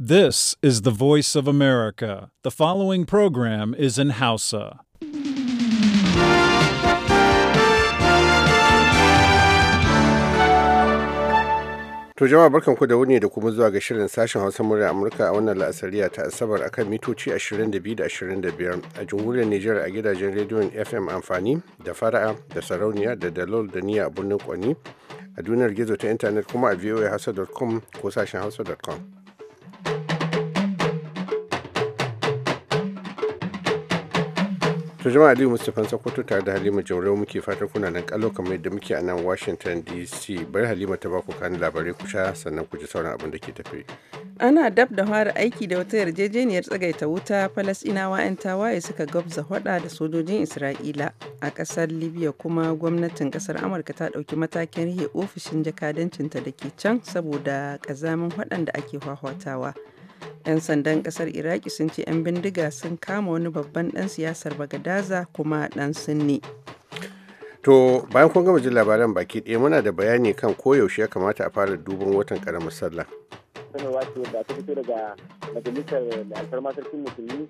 This is the voice of America. The following program is in Hausa. To jama'a barkanku da wuni da kuma zuwa ga shirin sashen Hausa murya Amurka a wannan la'asariya ta Asabar akan mitoci 22 da 25 a jamhuriyar Nijar a gidajen rediyon FM amfani da fara'a da sarauniya da dalol da niya a birnin Kwani a duniyar gizo ta intanet kuma a voahausa.com ko sashen hausa.com. to jama'a aliyu mustapha sokoto tare da halima jaurau muke fatan kuna nan kallo kamar yadda muke a nan washington dc bari halima ta baku kan labarai ku sha sannan ku ji sauran abin da ke tafi ana dab da fara aiki da wata yarjejeniyar tsagaita wuta falasinawa 'yan tawaye suka gabza hwada da sojojin isra'ila a kasar libya kuma gwamnatin kasar amurka ta dauki matakin rihe ofishin jakadancinta da ke can saboda kazamin da ake hwahwatawa. 'Yan sandan kasar Iraki sun ce 'yan bindiga sun kama wani babban dan siyasar Bagadaza kuma dan Sunni. To bayan kun gama jin labaran baki ɗaya muna da bayani kan koyaushe ya kamata a fara duban watan karamar sallah. Sanarwa ce fito daga majalisar musulmi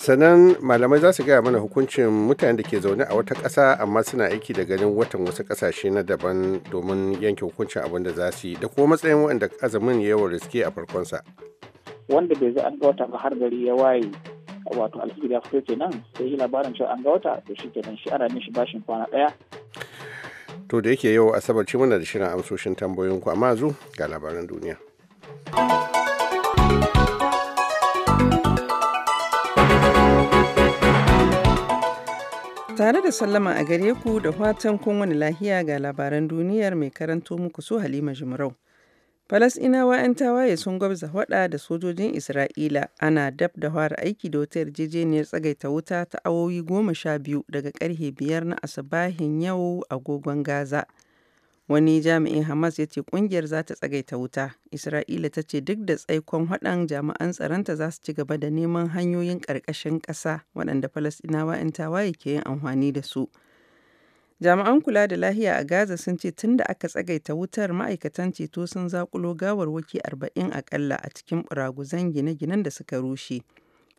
sannan malamai za su gaya mana hukuncin mutane da ke zaune a wata ƙasa amma suna aiki da ganin watan wasu ƙasashe na daban domin yanke hukuncin abin da za su yi da kuma matsayin wanda azumin yawan riske a farkonsa wanda bai za an ga wata ba har gari ya waye wato alfijir ya fito kenan sai yi labarin cewa an ga wata to shi kenan shi ana min shi bashin kwana ɗaya to da yake yau asabar ci muna da shirin amsoshin tambayoyinku amma zu ga labaran duniya Tare da sallama a gare ku da fatan kun wani lahiya ga labaran duniyar mai karanto muku su Halima Jumrau. inawa 'yan tawaye sun gwabza hada da sojojin Isra'ila ana dab da fara aiki da wata yarjejeniyar tsagaita wuta ta awowi goma sha biyu daga karhe biyar na asabahin yau agogon Gaza. Wani jami'in Hamas ya ce ƙungiyar za ta tsagaita wuta. Isra'ila ta ce duk da tsaikon haɗan jami'an tsaronta za su ci gaba da neman hanyoyin ƙarƙashin ƙasa waɗanda Falasɗinawa 'yan tawaye ke yin amfani da su. Jami'an kula da lahiya a Gaza sun ce tun da aka tsagaita wutar ma'aikatan ceto sun zakulo gawarwaki 40 akalla a cikin buraguzan gine-ginen da suka rushe.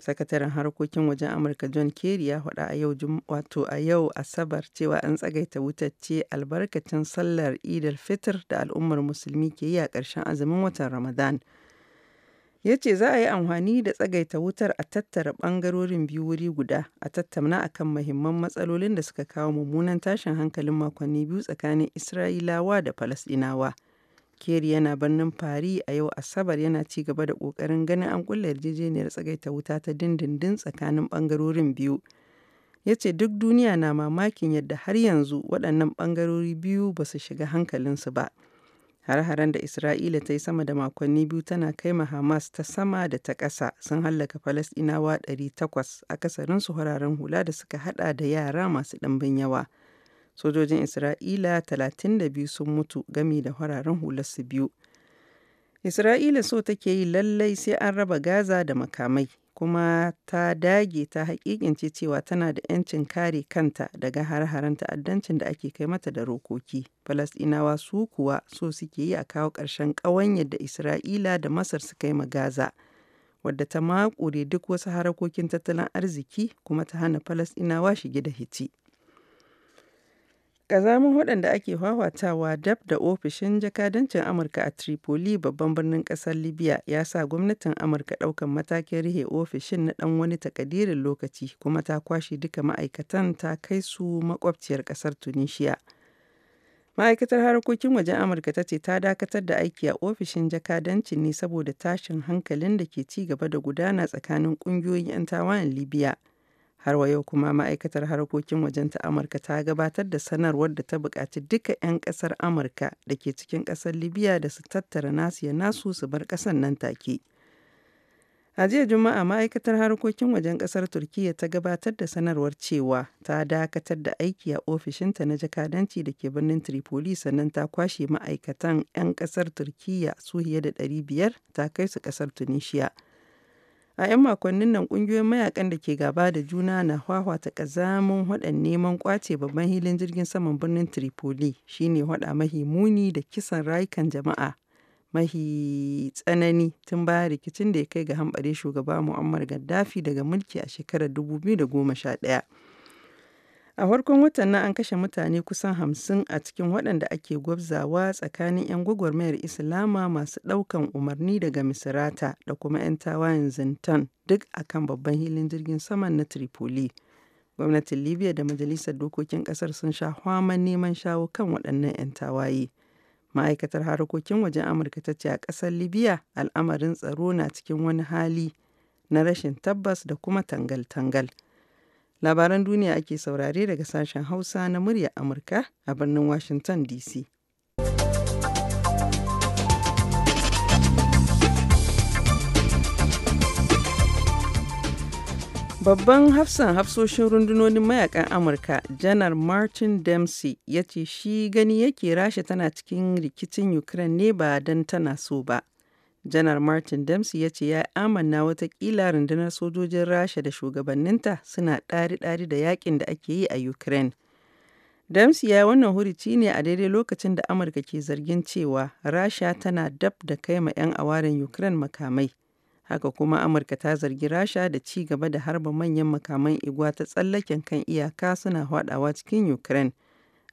sakataren harkokin wajen amurka john kerry ya faɗa a yau wato a yau asabar cewa an tsagaita ce albarkacin sallar idar fitr da al'ummar musulmi ke yi a ƙarshen azumin watan ramadan ya ce za a yi amfani da tsagaita wutar a tattara ɓangarorin biyu wuri guda a tattauna kan mahimman matsalolin da suka kawo mummunan tashin hankalin makonni biyu tsakanin isra'ilawa da falasɗinawa. Kerry yana birnin Paris a yau Asabar yana ci gaba da ƙoƙarin ganin an ƙulla yarjejeniyar tsagaita wuta ta dindindin tsakanin ɓangarorin biyu. Ya ce duk duniya na mamakin yadda har yanzu waɗannan ɓangarori biyu ba su shiga hankalinsu ba. Har-haren da Isra'ila ta yi sama da makonni biyu tana kai ma Hamas ta sama da ta ƙasa sun hallaka Falasɗinawa 800 su hararen hula da suka haɗa da yara masu ɗimbin yawa. Sojojin Isra'ila 32 sun mutu gami da hular hularsu biyu. Isra'ila so take yi lallai sai an raba Gaza da makamai, kuma ta dage ta hakikince cewa tana da 'yancin kare kanta daga har-haren ta'addancin da ake kai mata da rokoki. Falasɗinawa su kuwa so suke yi a kawo ƙarshen ƙawanyar da Isra'ila da Masar su yi ma Gaza, wadda ta maƙure duk wasu harakokin tattalin arziki kuma ta hana Falasɗinawa shige da hici. Ƙazamin waɗanda ake fafatawa dab da ofishin jakadancin Amurka a Tripoli, babban birnin ƙasar Libya, ya sa gwamnatin Amurka ɗaukan matakin rihe ofishin na ɗan wani takadirin lokaci, kuma ta kwashe duka ma'aikatan ta kai su makwabciyar ƙasar Tunisia. Ma'aikatar harkokin wajen Amurka ta ce ta dakatar da aiki a ofishin jakadancin ne saboda tashin hankalin da ke ci gaba da gudana tsakanin ƙungiyoyin 'yan tawayen Libya. Har wa yau kuma ma'aikatar harkokin wajen ta Amurka ta gabatar da sanarwar da ta bukaci duka 'yan ƙasar Amurka da ke cikin ƙasar Libya da su tattara nasu ya nasu su bar ƙasar nan take. A jiya Juma'a ma'aikatar harkokin wajen ƙasar Turkiyya ta gabatar da sanarwar cewa ta dakatar da aiki a ofishinta na jakadanci da ke birnin Tripoli sannan ta kwashe ma'aikatan 'yan ƙasar Turkiyya su fiye da 500 ta kai su ƙasar Tunisia. A 'yan makonnin nan kungiyoyin mayakan da ke gaba da juna na hwahwata ƙazamin hadan neman kwace babban hilin jirgin saman birnin Tripoli, shine hwada mahi muni da kisan rayukan jama'a mahi tsanani tun bayan rikicin da ya kai ga hambare shugaba Muammar Gaddafi daga mulki a shekarar 2011. A farkon watan nan an kashe mutane kusan hamsin a cikin waɗanda ake gwabzawa tsakanin 'yan gwagwarmayar Islama masu ɗaukan umarni daga misirata da kuma 'yan tawayen Zintan, duk akan babban hilin jirgin saman na Tripoli. Gwamnatin Libya da Majalisar Dokokin Ƙasar sun sha hwaman neman shawo kan waɗannan 'yan tawaye. Ma'aikatar Harkokin Wajen Amurka ta ce a ƙasar Libya al'amarin tsaro na cikin wani hali na rashin tabbas da kuma tangal-tangal. Labaran duniya ake saurare daga sashen Hausa na muryar Amurka a birnin Washington DC. Babban hafsan hafsoshin rundunonin mayakan Amurka, Janar Martin Dempsey, ya ce shi gani yake rasha tana cikin rikicin Ukraine ne ba don tana so ba, Janar Martin Dempsey ya ce ya amanna watakila rundunar sojojin Rasha da shugabanninta suna ɗari-ɗari da yakin da ake yi a Ukraine. Dempsey ya wannan hurici ne a daidai lokacin da Amurka ke zargin cewa Rasha tana dab da kai ma 'yan awarin Ukraine makamai. Haka kuma Amurka ta zargi Rasha da ci gaba da harba manyan makaman igwa ta tsallaken kan iyaka suna haɗawa cikin Ukraine.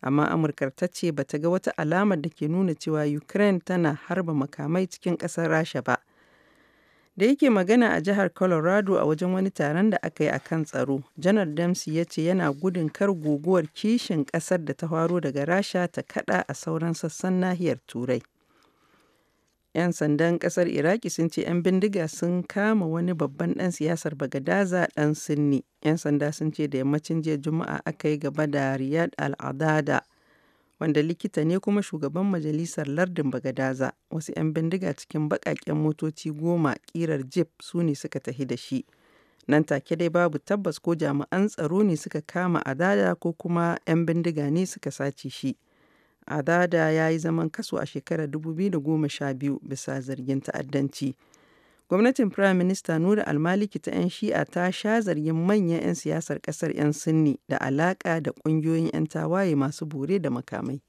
amma Amurkar ta ce ba ta ga wata alamar da ke nuna cewa Ukraine tana harba makamai cikin ƙasar Rasha ba. Da yake magana a jihar Colorado a wajen wani taron da aka yi a kan tsaro, Janar damsi ya ce yana gudun kar guguwar kishin ƙasar da ta faro daga Rasha ta kaɗa a sauran sassan nahiyar Turai. 'Yan sandan kasar Iraki sun ce 'yan bindiga sun kama wani babban dan siyasar Bagadaza dan Sinni. 'Yan sanda sun ce da yammacin jiya Juma'a aka yi gaba da Riyad Al-Adada, wanda likita ne kuma shugaban majalisar lardin Bagadaza. Wasu 'yan bindiga cikin baƙaƙen motoci goma kirar Jeep su ne suka tahi da shi. Nan take dai babu tabbas ko jami'an tsaro ne suka kama Adada ko kuma 'yan bindiga ne suka sace shi. Adada ya yi zaman kaso a shekarar 2012 bisa zargin ta'addanci. Gwamnatin Firayim Minista Nura Almaliki ta 'yan Shi'a ta sha zargin manyan 'yan siyasar kasar 'yan Sinni da alaka da ƙungiyoyin 'yan tawaye masu bore da makamai.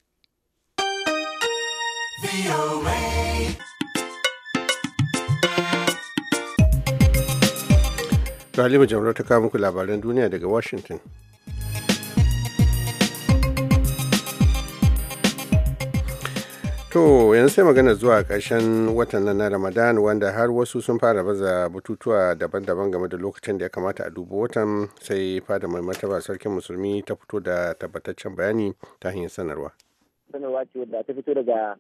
Galiba Jamrar ta kawo muku labaran duniya daga Washington. To yanzu sai magana zuwa ƙarshen watan nan na Ramadan wanda har wasu sun fara baza bututuwa daban-daban game da lokacin da ya kamata a dubu watan sai fada mai martaba sarkin musulmi ta fito da tabbataccen bayani ta hanyar sanarwa. Sanarwa ce wadda ta fito daga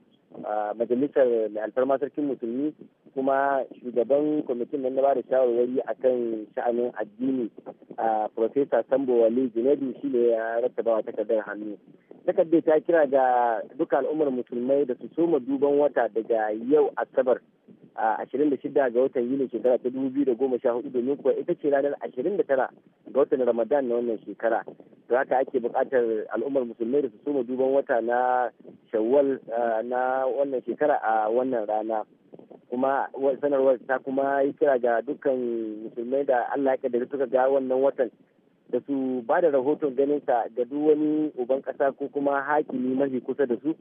majalisar alfarma sarkin musulmi kuma shugaban kwamitin nan na ba da shawarwari a kan sha'anin addini a profesa sambo wali junaidu shi ne ya rasa wa takardar hannu takardar ta kira ga duka al'ummar musulmai da su soma duban wata daga yau asabar ashirin da shida ga watan yuli shekara ta dubu domin kuwa ita ce ranar ashirin da tara ga watan ramadan na wannan shekara da haka ake bukatar al'ummar musulmai da su soma duban wata na shawwal na wannan shekara a wannan rana kuma sanarwar ta kuma yi kira ga dukkan musulmai da allah ya da suka ga wannan watan da su ba da rahoton ganin sa ga duk wani uban kasa ko kuma hakimi mafi kusa da su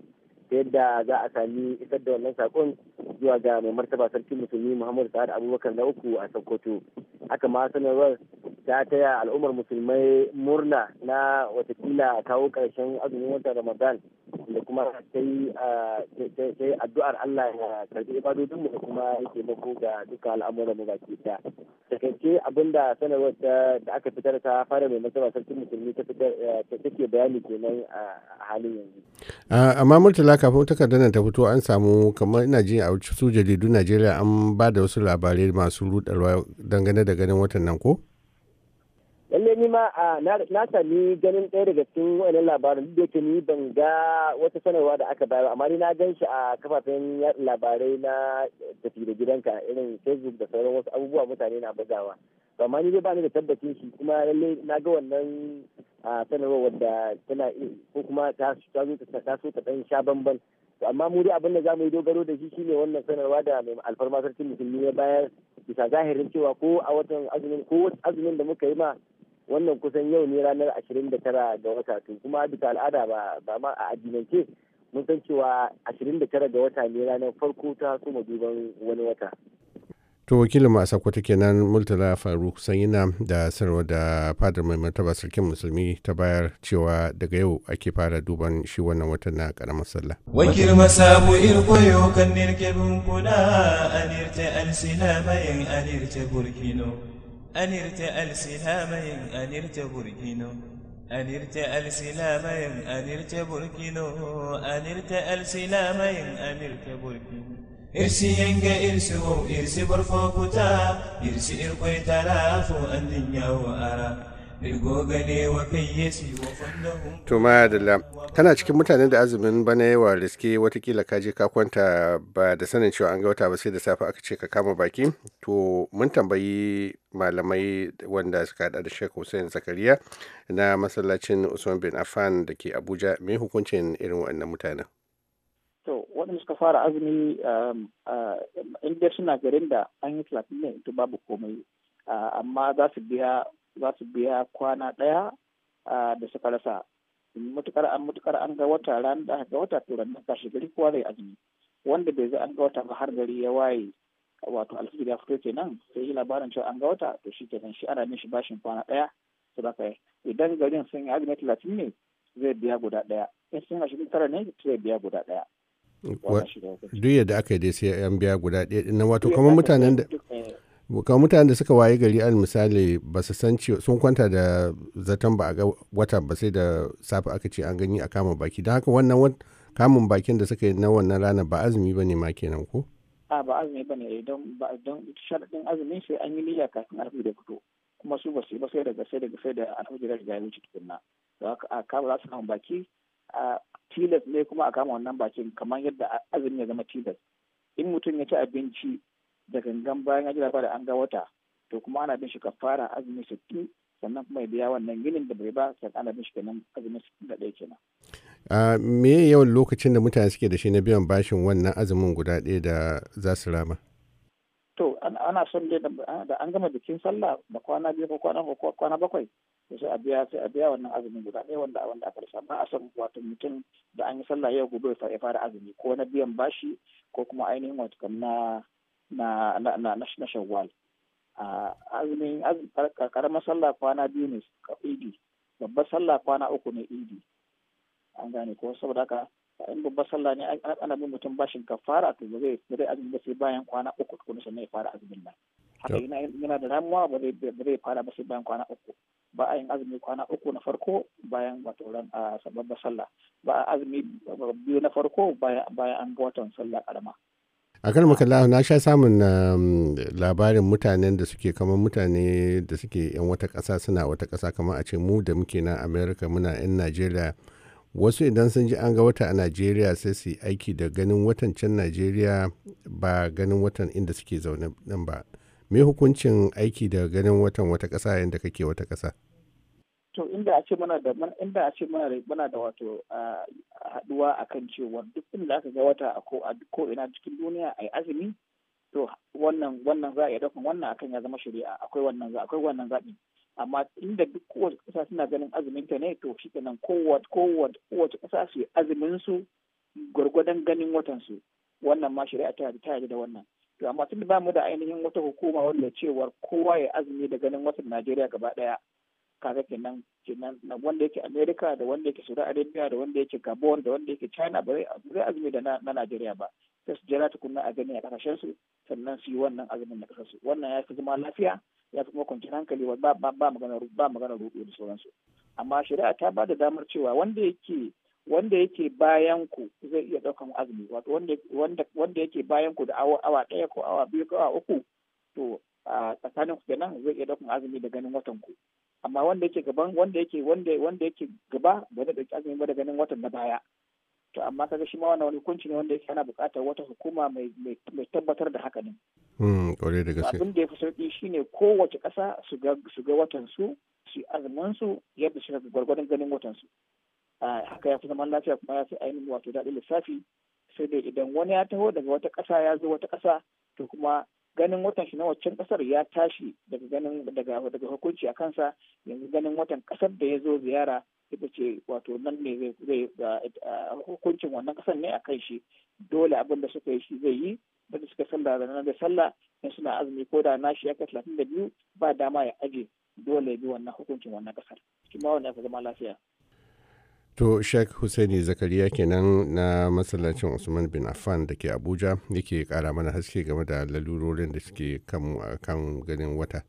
ta yadda za a sami isar da wannan sakon zuwa ga mai martaba sarki musulmi muhammadu sa'ad abubakar na uku a sokoto haka ma sanarwar ta taya al'ummar musulmai murna na watakila kawo karshen azumin watan ramadan da kuma sai sai addu'ar Allah ya karbi ibadodin mu da kuma ya taimako ga duka al'amuran mu baki da takaice abinda sanarwar da aka fitar ta fara mai masaba sarkin musulmi ta fitar eh, ta take bayani kenan a halin yanzu amma murtala kafin takardar ta fito an samu kamar ina ji a su jaridu Najeriya an ba da wasu labarai masu rudarwa dangane da ganin watan nan ko lallai ni ma na sami ganin ɗaya daga cikin wani labarin duk da yake ni ban ga wata sanarwa da aka bayar amma ni na gan shi a kafafen labarai na tafi da gidanka irin facebook da sauran wasu abubuwa mutane na bugawa to amma ni dai ba da tabbacin shi kuma lalle na ga wannan sanarwa wadda tana ko kuma ta zo ta so ta ɗan sha bamban amma mu dai abin da za mu yi dogaro da shi shine wannan sanarwa da mai alfarma sarkin musulmi ya bayar bisa zahirin cewa ko a watan azumin ko azumin da muka yi ma wannan kusan yau ne ranar 29 ga wata to kuma duka al'ada ba ba ma a addinance mun san cewa 29 ga wata ne ranar farko ta soma duban wani wata to wakilin a kwata kenan murtala faruk sanyina da sarwa da fadar mai martaba sarkin musulmi ta bayar cewa daga yau ake fara duban shi wannan watan na karamar sallah wakil masabu irkoyo kan nirke bunkuna anirte alsila bayan burkino أنرت السلامين أنيرت بركينو أنرت السلامين أنيرت بركينو أنرت السلامين أنيرت بركينو إرسي ينجا إرسو إرسي برفو كتا إرسي إرقوي تلافو أن دنيا وأرى to ma Adalla, kana cikin mutanen da azumin bana yawa riske watakila ka je ka kwanta ba da sanin cewa an ga wata ba sai da safe aka ce ka kama baki. To mun tambayi malamai wanda suka hada da Sheikh Hussein Zakariya na masallacin Usman bin Affan da ke Abuja mai hukuncin irin waɗannan mutanen. To waɗanda suka fara azumi um, in dai suna garin da an yi talatin ne to babu komai amma za su biya za su biya kwana ɗaya da suka rasa mutukar an mutukar an ga wata ran da ga wata turan da ka gari kowa zai azumi wanda bai zai an ga wata ba har gari ya waye wato alfijir ya fito kenan sai yi labarin cewa an ga wata to shi kenan shi ana bin shi bashin kwana ɗaya su da kai idan garin sun yi azumi talatin ne zai biya guda ɗaya in sun ashirin tara ne zai biya guda ɗaya. duk yadda aka yi dai sai an biya guda ɗaya na wato kamar mutanen da eh, ga mutanen da suka waye gari al misali ba su san cewa sun kwanta da zaton ba a ga wata ba sai da safe aka ce an gani a kama baki don haka wannan kamun bakin da suka yi na wannan rana ba azumi ba ne ma kenan ko a ba azumi ba ne don don sharaɗin azumin sai an yi niyya kafin alfi da fito kuma su ba su ba sai daga sai daga sai da alfi da riga ya wuce tukunna don haka a kama za su kama baki a tilas ne kuma a kama wannan bakin kamar yadda azumi ya zama tilas in mutum ya ci abinci da gangan bayan ya ji labarin an ga wata to kuma ana bin shi kafara azumi sittin sannan kuma ya biya wannan ginin da bai ba sannan ana bin shi kenan azumi sittin da ɗaya kenan. me yawan lokacin da mutane suke da shi na biyan bashin wannan azumin guda ɗaya da za su rama? to ana son dai da an gama bikin sallah da kwana biyu ko kwana ko kwana bakwai sai a biya sai a biya wannan azumin guda ɗaya wanda wanda aka rasa ba a son wato mutum da an yi sallah yau gobe ya fara azumi ko na biyan bashi ko kuma ainihin wato na na na na na shawwal azumin karamar sallah kwana biyu ne idi babbar sallah kwana uku ne idi an gane ko saboda haka in babbar sallah ne ana bin mutum bashin kafara to ba zai zai azumi ba sai bayan kwana uku tukuna sannan ya fara azumin nan haka yana da ramuwa ba zai fara ba sai bayan kwana uku ba a yin azumi kwana uku na farko bayan wato ran a sababbar sallah ba a azumi biyu na farko bayan an ga watan sallah karama a kan makalla na sha samun um, labarin mutanen da suke kamar mutane da suke yan wata kasa suna wata kasa kamar a ce mu da muke na america muna yan nigeria wasu idan sun ji an ga wata a nigeria sai su yi aiki da ganin watan can najeriya ba ganin watan inda suke zaune nan ba me hukuncin aiki da ganin watan wata ƙasa yadda kake wata kasa. to inda a ce mana da inda a ce mana da wato haduwa akan cewa duk inda aka ga wata a ko a ko ina cikin duniya ai azumi to wannan wannan za a iya dafa wannan akan ya zama shari'a akwai wannan za akwai wannan zabi amma inda duk kowace ƙasa suna ganin azumin ta ne to shi kenan kowace kowace ƙasa su azumin su gwargwadon ganin watan su wannan ma shari'a ta ta da wannan to amma tun da ba mu da ainihin wata hukuma wanda cewar kowa ya azumi da ganin watan Najeriya gaba daya kaga kenan kenan wanda yake America da wanda yake Saudi Arabia da wanda yake Gabon da wanda yake China ba zai azumi da na Najeriya ba sai su jira tukunna a gani a kasashen su sannan su yi wannan azumin na kasar su wannan ya fi zama lafiya ya fi kuma kwanciyar hankali ba ba magana ba magana ruɗu da sauransu amma shari'a ta ba da damar cewa wanda yake wanda yake bayan ku zai iya ɗaukan azumi wato wanda wanda wanda yake bayan ku da awa awa ɗaya ko awa biyu ko awa uku to a tsakanin ku kenan zai iya ɗaukan azumi da ganin watan ku amma wanda yake gaban wanda yake wanda wanda yake gaba ba zai dauki azumi ba da ganin watan na baya to amma kaga shi ma wannan wani hukunci ne wanda yake ana bukatar wata hukuma mai tabbatar da haka din mm kore da gaske abin da yafi sauki shine kowace ƙasa su ga su ga watan su su azumin su yadda suka gwargwadon ganin watan su haka yafi zaman lafiya kuma ya fi ainihin wato daɗin lissafi sai dai idan wani ya taho daga wata ƙasa ya zo wata ƙasa to kuma ganin watan shi na waccan kasar ya tashi daga ganin daga daga hukunci a kansa yanzu ganin watan kasar da ya zo ziyara ita ce wato nan ne zai hukuncin wannan kasar ne a kan shi dole abin da suka yi shi zai yi da suka sallah da nan da sallah in suna azumi ko da nashi ya kai talatin da biyu ba dama ya aje dole ya bi wannan hukuncin wannan kasar kuma wannan ya zama lafiya. To Sheikh Hussaini Zakariya kenan na masallacin Usman bin Affan da ke Abuja yake kara mana haske game da lalurorin da suke kan ganin wata.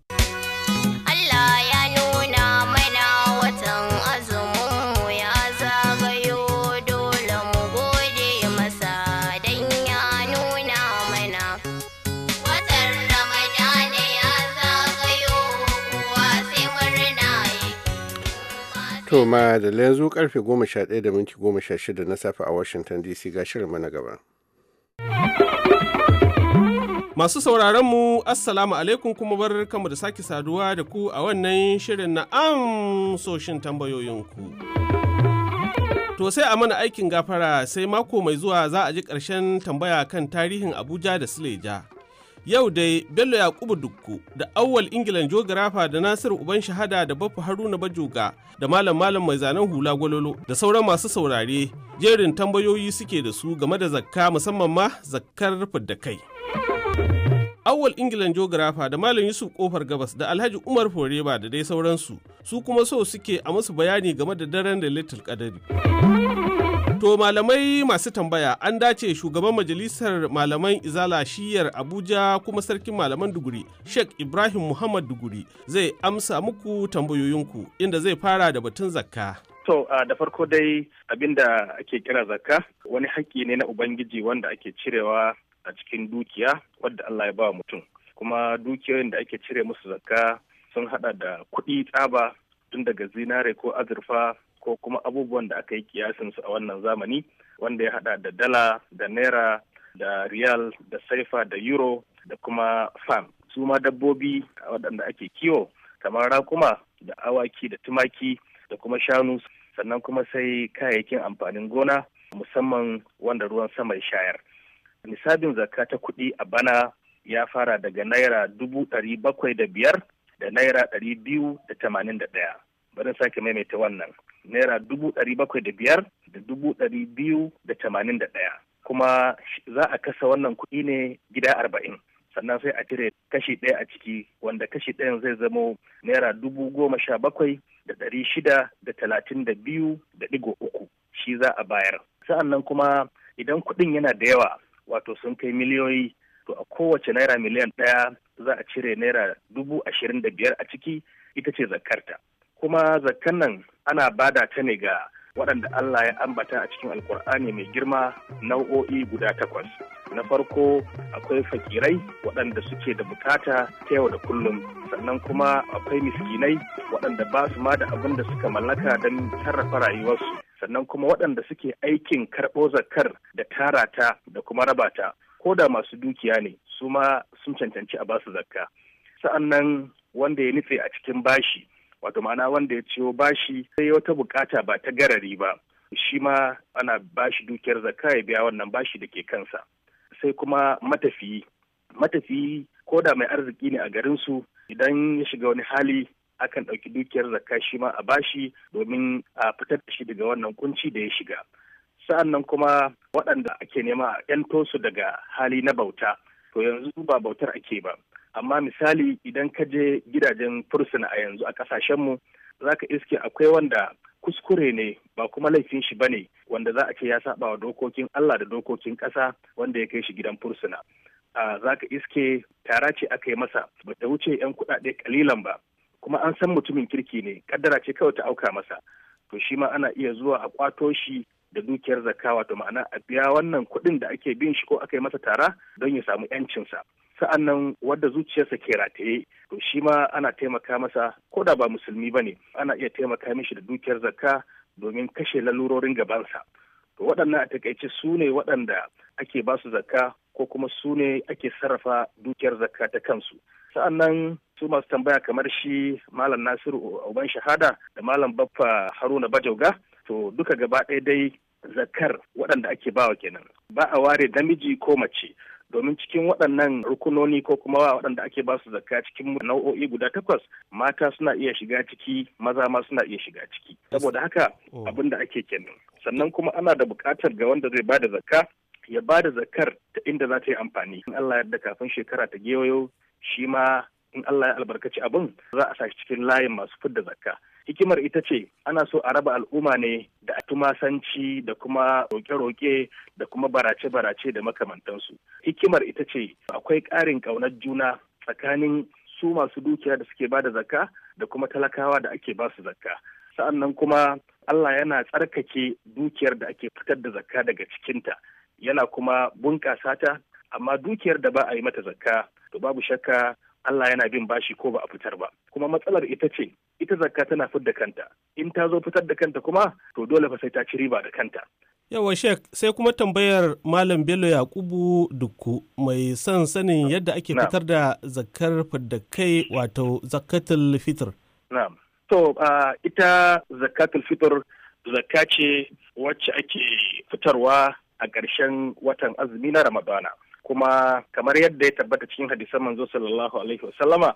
Allah To ma da yanzu karfe 11 da minti 16 na safe a Washington DC ga shirin na gaba. Masu sauraron mu Assalamu alaikum kuma bar kamu da sake saduwa da ku a wannan shirin na amsoshin tambayoyinku. To sai a mana aikin gafara sai mako mai zuwa za a ji ƙarshen tambaya kan tarihin Abuja da Sileja. Yau dai Bello Yakubu Dukku da Awwal Ingilan Jogarafa da Nasiru Uban Shahada da Baffa Haruna Bajoga da Malam Malam Mai Zanen Hula Gwalolo da sauran masu saurare jerin tambayoyi suke da su game da zakka musamman ma zakkar da kai. Awwal Ingilan Jogarafa da Malam Yusuf Kofar Gabas da Alhaji Umar Foreba da dai sauransu su kuma so suke a musu bayani game da daren da Little Kadari. To malamai masu tambaya an dace shugaban majalisar malaman izala shiyar Abuja kuma sarkin malaman Duguri Sheikh Ibrahim Muhammad Duguri zai amsa muku tambayoyinku inda zai fara da batun zakka. To da farko dai abinda ake kira zakka wani haƙƙi ne na Ubangiji wanda ake cirewa a cikin dukiya wadda Allah ya ba mutum. Kuma dukiyoyin da ake cire musu zakka sun hada da kuɗi tsaba tun daga zinare ko azurfa ko kuma abubuwan da aka yi kiyasin su a wannan zamani wanda ya hada da dala da naira da riyal da saifa da euro da kuma fam su ma dabbobi waɗanda ake kiwo kamar rakuma da awaki da tumaki da kuma shanu sannan kuma sai kayayyakin amfanin gona musamman wanda ruwan sama ya shayar nisabin zakka ta kuɗi a bana ya fara daga naira dubu ɗari bakwai da biyar da naira ɗari biyu da tamanin da ɗaya barin sake maimaita wannan naira dubu ɗari bakwai da biyar da dubu ɗari biyu da tamanin da ɗaya kuma za a kasa wannan kuɗi ne gida arba'in sannan sai a cire kashi ɗaya a ciki wanda kashi ɗayan zai zamo naira dubu goma sha bakwai da ɗari shida da talatin da biyu da ɗigo uku shi za a bayar sa'annan kuma idan kuɗin yana da yawa wato sun kai miliyoyi to a kowace naira miliyan ɗaya za a cire naira dubu ashirin da biyar a ciki ita ce zakarta kuma zakkan nan ana bada ta ne ga waɗanda Allah ya ambata a cikin alkur'ani mai girma nau'o'i guda takwas na farko akwai fakirai waɗanda suke da bukata ta yau da kullum sannan kuma akwai miskinai waɗanda ba su ma da abin da suka mallaka don sarrafa rayuwarsu sannan kuma waɗanda suke aikin karɓo zakkar da tara ta da kuma raba ta ko da masu dukiya ne su ma sun cancanci a basu zakka Sa'annan wanda ya nutse a cikin bashi wato ma'ana wanda ya ciwo bashi sai wata bukata ba ta garari ba shi ma ana bashi dukiyar zakka ya biya wannan bashi da ke kansa sai kuma matafiyi matafiyi ko da mai arziki ne a garin su idan ya shiga wani hali akan ɗauki dukiyar zakka shi ma a bashi domin a fitar da shi daga wannan kunci da ya shiga sa'annan kuma waɗanda ake nema a yan su daga hali na bauta to yanzu ba bautar ake ba amma misali idan ka je gidajen fursuna a yanzu a kasashenmu za ka iske akwai wanda kuskure ne ba kuma laifin shi ba ne wanda za a ce ya saba wa dokokin Allah da dokokin ƙasa wanda ya kai shi gidan fursuna za ka iske tara ce aka yi masa ba ta wuce 'yan kuɗaɗe kalilan ba kuma an san mutumin kirki ne kaddara ce kawai ta auka masa to shi ma ana iya zuwa a kwato shi da dukiyar zakka wato ma'ana a biya wannan kuɗin da ake bin shi ko aka yi masa tara don ya samu 'yancinsa sa'annan wadda zuciyarsa ke rataye to shi ma ana taimaka masa ko da ba musulmi ba ne ana iya taimaka mishi da dukiyar zakka domin kashe lalurorin gabansa to waɗannan a takaice su ne waɗanda ake ba su zakka ko kuma su ne ake sarrafa dukiyar zakka ta kansu sa'annan su masu tambaya kamar shi malam nasiru uban shahada da malam baffa haruna bajauga to duka gaba ɗaya dai zakar waɗanda ake bawa kenan ba a ware namiji ko mace domin cikin waɗannan rukunoni ko kuma waɗanda ake ba su zakka cikin nau'o'i guda takwas mata suna iya shiga ciki maza ma suna iya shiga ciki saboda haka oh. abin da ake kenan sannan kuma ana da buƙatar ga wanda zai ba da zakka ya ba da zakkar ta inda za ta yi amfani in Allah yarda kafin shekara ta gewayo shi ma in Allah ya albarkaci abin za a sashi cikin layin masu fidda zakka. Hikimar ita ce ana so a raba al'umma ne da a tumasanci da kuma roƙe-roƙe da kuma barace-barace da makamantansu. Hikimar ita ce akwai ƙarin ƙaunar juna tsakanin su masu dukiya da suke bada zakka da kuma talakawa da ake ba su zakka. Sa'annan kuma Allah yana tsarkake dukiyar da ake fitar da zakka daga cikinta. Yana kuma bunƙasa ta amma dukiyar da ba a yi mata zakka to babu shakka Allah yana bin bashi ko ba a fitar ba kuma matsalar ita ce ita zakka tana fitar da kanta in ta zo fitar da kanta kuma to dole fa sai ta ci riba da kanta yawa shek sai kuma tambayar malam bello yakubu dukku mai son sanin yadda ake fitar da zakkar kai wato zakatul fitr to ita zakatul fitr zakka ce wacce ake fitarwa a ƙarshen watan azumi na ramadana kuma kamar yadda ya tabbata cikin hadisan manzo sallallahu alaihi wasallama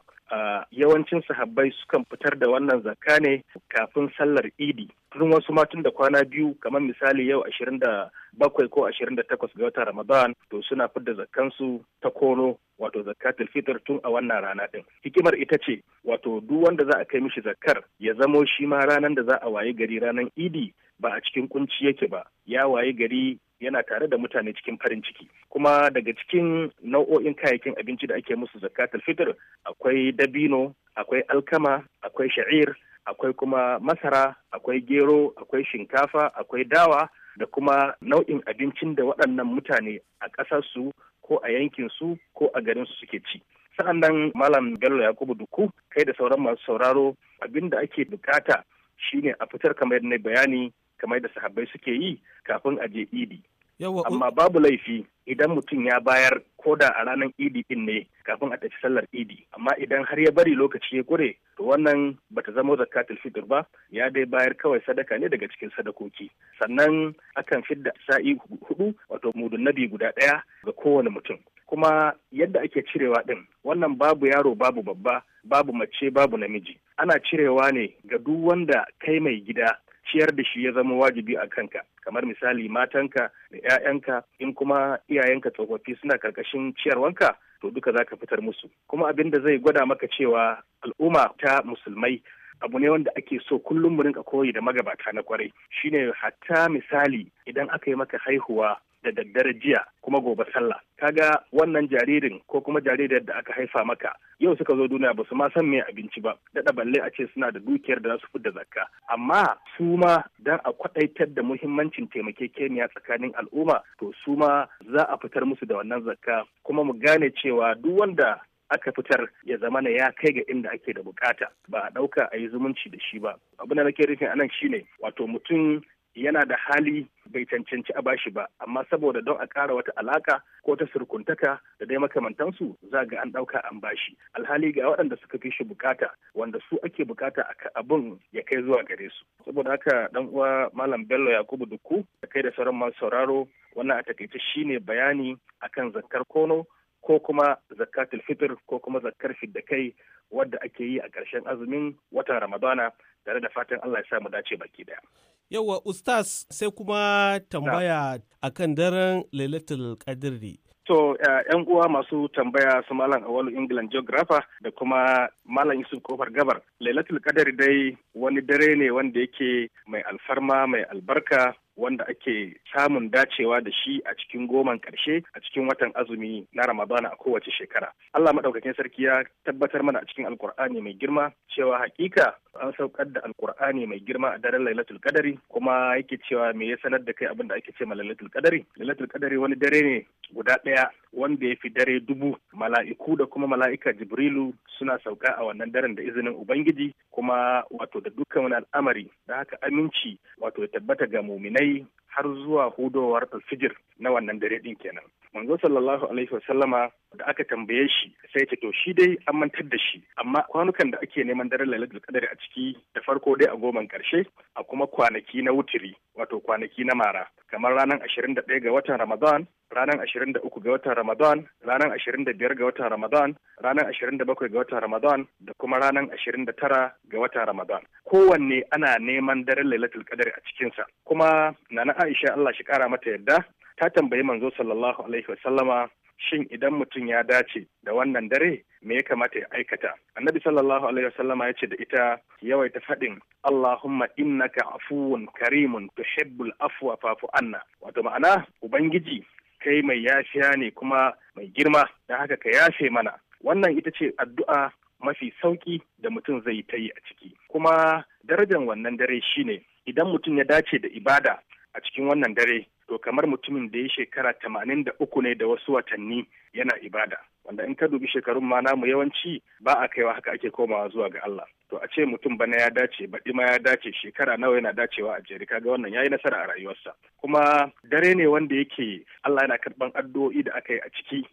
yawancin sahabbai sukan fitar da wannan zakka ne kafin sallar idi tun wasu ma da kwana biyu kamar misali yau ashirin da bakwai ko ashirin da takwas ga watan ramadan to suna fidda zakkansu ta kono wato zakatul fitr tun a wannan rana din hikimar ita ce wato duk wanda za a kai mishi zakkar ya zamo shi ma ranar da za a waye gari ranar idi ba a cikin kunci yake ba ya waye gari yana tare da mutane cikin farin ciki kuma daga cikin nau'o'in kayayyakin abinci da ake musu zakatul fitr akwai dabino akwai alkama akwai sha'ir akwai kuma masara akwai gero akwai shinkafa akwai dawa da kuma nau'in abincin da waɗannan mutane a ƙasarsu ko a yankinsu ko a garinsu suke ci sa'an nan malam bello yakubu duku kai da sauran masu sauraro abin da ake bukata shine a fitar kamar na bayani kamar da sahabbai suke yi kafin a je idi amma babu laifi idan mutum ya bayar koda a ranar idi din ne kafin a tafi sallar idi amma idan har ya bari lokaci ya kure to wannan bata zama zakatul fitr ba ya dai bayar kawai sadaka ne daga cikin sadakoki sannan akan fidda sa'i hudu wato mudun nabi guda daya ga kowane mutum kuma yadda ake cirewa din wannan babu yaro babu babba babu mace babu namiji ana cirewa ne ga duk wanda kai mai gida ciyar da shi ya zama wajibi a kanka kamar misali matanka da 'ya'yanka in kuma iyayenka tsofaffi suna karkashin ciyarwanka to duka za ka fitar musu kuma abin da zai gwada maka cewa al'umma ta musulmai abu ne wanda ake so kullum mu rinka koyi da magabata na kwarai shine hatta misali idan aka yi maka haihuwa da daddare jiya kuma gobe sallah kaga wannan jaririn ko kuma jaririyar da aka haifa maka yau suka zo duniya ba su ma san me abinci ba daɗa balle a ce suna da dukiyar da za su fidda zakka amma su ma dan a kwadaitar da muhimmancin taimakekeniya tsakanin al'umma to su ma za a fitar musu da wannan zakka kuma mu gane cewa duk wanda aka fitar ya zama na ya kai ga inda ake da bukata ba a ɗauka a yi zumunci da shi ba abin da nake rufin anan shine wato mutum yana da hali bai cancanci a bashi ba amma saboda don a kara wata alaka ko ta surkuntaka da dai makamantansu za ga an ɗauka an bashi alhali ga waɗanda suka fi shi bukata wanda su ake bukata abin ya kai zuwa gare su saboda haka dan uwa malam bello yakubu duku da kai da sauran masu sauraro wannan a takaice shine bayani akan zakkar kono ko kuma zakatul fitr ko kuma zakkar fidda kai wadda ake yi a ƙarshen azumin watan ramadana tare da fatan allah ya sa mu dace baki daya Yawa Ustaz sai kuma tambaya akan daren Lailatul Qadr To, uh, ‘yan uwa masu tambaya su Malam Awalu England Geographer da kuma Malam Yusuf Kofar Gabar. Lailatul Qadar dai wani dare ne wanda yake mai alfarma mai albarka wanda ake samun dacewa da shi a cikin goman ƙarshe a cikin watan azumi na Ramadana a kowace shekara. Allah maɗaukakin sarki ya tabbatar mana a cikin alkur'ani mai girma cewa hakika an saukar da alkur'ani mai girma a daren Lailatul Qadari kuma yake cewa me ya sanar da kai abin da ake ce ma Lailatul Qadari. Lailatul Qadari wani dare ne guda ɗaya wanda ya fi dare dubu mala'iku da kuma mala'ika Jibrilu suna sauka a wannan daren da izinin Ubangiji kuma wato da dukkan wani al'amari da haka aminci wato ya tabbata ga muminai kai har zuwa hudowar fijir na wannan dare din kenan manzo sallallahu alaihi wasallama da aka tambaye shi sai ce to shi dai an mantar da shi amma kwanukan da ake neman daren lailatul qadari a ciki da farko dai a goman karshe a kuma kwanaki na wutiri wato kwanaki na mara kamar ranar 21 ga watan Ramadan ranar 23 ga watan Ramadan ranar 25 ga watan Ramadan ranar 27 ga watan Ramadan da kuma ranar 29 ga watan Ramadan kowanne ana neman daren lailatul qadari a cikinsa kuma nana Aisha Allah shi kara mata yadda ta tambayi manzo sallallahu alaihi wasallama shin idan mutum ya dace da wannan dare me ya kamata ya aikata annabi sallallahu alaihi wasallama ya ce da ita yawaita faɗin allahumma innaka afuwun karimun tuhibbul afwa fafu anna wato ma'ana ubangiji kai mai yafiya ne kuma mai girma da haka ka yafe mana wannan ita ce addu'a mafi sauki da mutum zai ta yi a ciki kuma darajar wannan dare shine idan mutum ya dace da ibada a cikin wannan dare to kamar mutumin da ya shekara tamanin da uku ne da wasu watanni yana ibada wanda in ka dubi shekarun ma namu yawanci ba a kaiwa haka ake komawa zuwa ga Allah to a ce mutum bana ya dace baɗi ma ya dace shekara nawa yana dacewa a jere kaga wannan yayi nasara a rayuwarsa kuma dare ne wanda yake Allah yana karɓan addu'o'i da aka yi a ciki.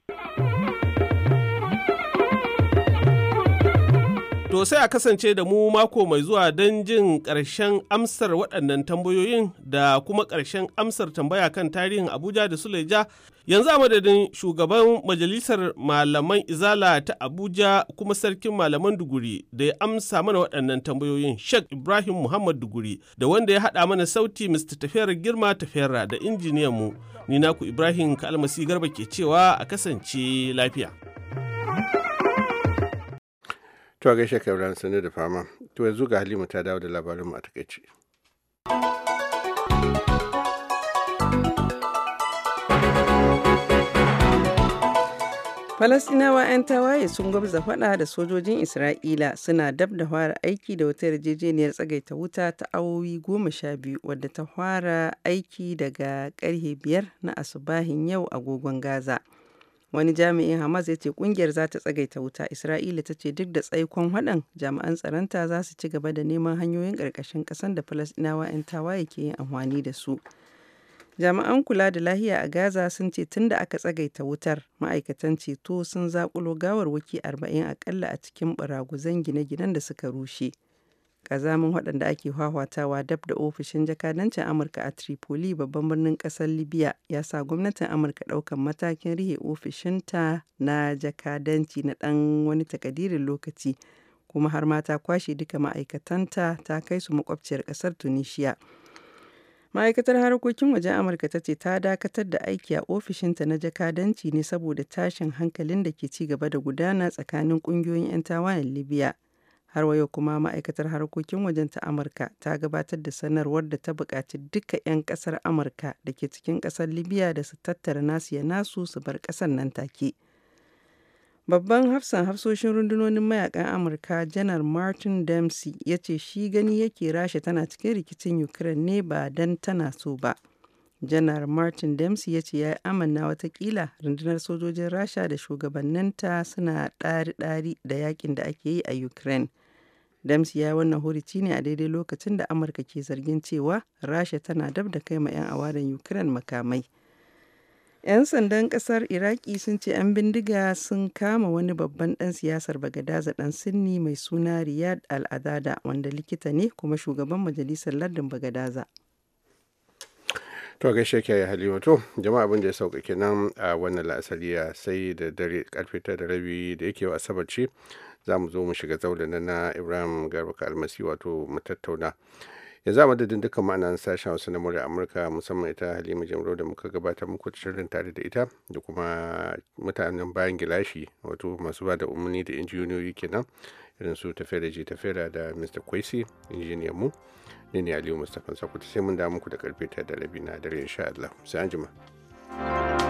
To sai a kasance da mu mako mai zuwa don jin ƙarshen amsar waɗannan tambayoyin da kuma ƙarshen amsar tambaya kan tarihin Abuja da Suleja. Yanzu a madadin shugaban majalisar malaman Izala ta Abuja kuma sarkin malaman Duguri da ya amsa mana waɗannan tambayoyin Sheikh Ibrahim Muhammad Duguri da wanda ya haɗa mana sauti Mr. Tafiyar Girma Tafiyarra da injiniyan mu. Ni naku Ibrahim Kalmasi Garba ke cewa a kasance lafiya. thank you to gaishe ka Ibrahim sanin da fama to yanzu ga Halima ta dawo da labarin mu a takaice Falasɗinawa 'yan tawaye sun gwabza faɗa da sojojin Isra'ila suna dab da fara aiki da wata yarjejeniyar tsagaita wuta ta awowi goma sha biyu wadda ta fara aiki daga karhe biyar na asubahin yau agogon Gaza. Wani jami'in Hamas ya ce kungiyar za ta tsagaita wuta. Isra'ila ta ce duk da tsaikon haɗin jami'an tsaronta za su ci gaba da neman hanyoyin ƙarƙashin ƙasan da Falasɗinawa 'yan tawaye ke yin amfani da su. Jami'an kula da lahiya a Gaza sun ce tun da aka tsagaita wutar, ma'aikatan ceto sun zakulo gawarwaki 40 akalla a cikin buraguzan gine-ginen da suka rushe. kazamin waɗanda ake hwahwatawa dab da ofishin jakadancin amurka a tripoli babban birnin ƙasar libya ya sa gwamnatin amurka ɗaukan matakin rihe ofishinta na jakadanci na ɗan wani takadirin lokaci kuma har ma ta kwashe duka ma'aikatanta ta kai su makwabciyar ƙasar tunisia ma'aikatar harkokin wajen amurka ta ce ta dakatar da aiki a ofishinta na jakadanci ne saboda tashin hankalin da ke ci gaba da gudana tsakanin ƙungiyoyin 'yan tawayen libya Har wa kuma ma'aikatar harkokin wajen ta Amurka ta gabatar da sanarwar da ta buƙaci duka 'yan ƙasar Amurka da ke cikin ƙasar Libya da su tattara nasu ya nasu su bar ƙasar nan take. Babban hafsan hafsoshin rundunonin mayakan Amurka Janar Martin Dempsey ya ce shi gani yake rasha tana cikin rikicin Ukraine ne ba don tana so ba. Janar Martin Dempsey ya ce ya yi amanna watakila rundunar sojojin rasha da shugabanninta suna ɗari-ɗari da yakin da ake yi a Ukraine. Dams ya yi wannan hurici ne a daidai lokacin da Amurka ke zargin cewa Rasha tana dab da kai ma 'yan awadan Ukraine makamai. 'Yan sandan kasar Iraki sun ce 'yan bindiga sun kama wani babban ɗan siyasar Bagadaza ɗan Sinni mai suna Riyad Al-Adada wanda likita ne kuma shugaban majalisar lardin Bagadaza. to gaishe ke ya halima to jama'a abin da ya sauka kenan a wannan ya sai da dare karfe ta da rabi da yake wa asabar za mu zo mu shiga zaune na ibrahim garba almasi wato mu tattauna yanzu a madadin dukkan ma'anan sashen wasu na murya amurka musamman ita halima jamro da muka gabatar muku shirin tare da ita da kuma mutanen bayan gilashi wato masu bada da umarni da injiniyoyi kenan irin su tafera ji tafera da mr kwesi injiniyan mu ne ne aliyu mustapha sakuta sai mun da muku da karfe ta da rabi na dare insha allah sai anjima. thank you